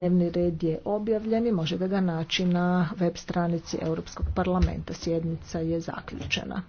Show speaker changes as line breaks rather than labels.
Dnevni red je objavljen i možete ga naći na web stranici Europskog parlamenta. Sjednica je zaključena.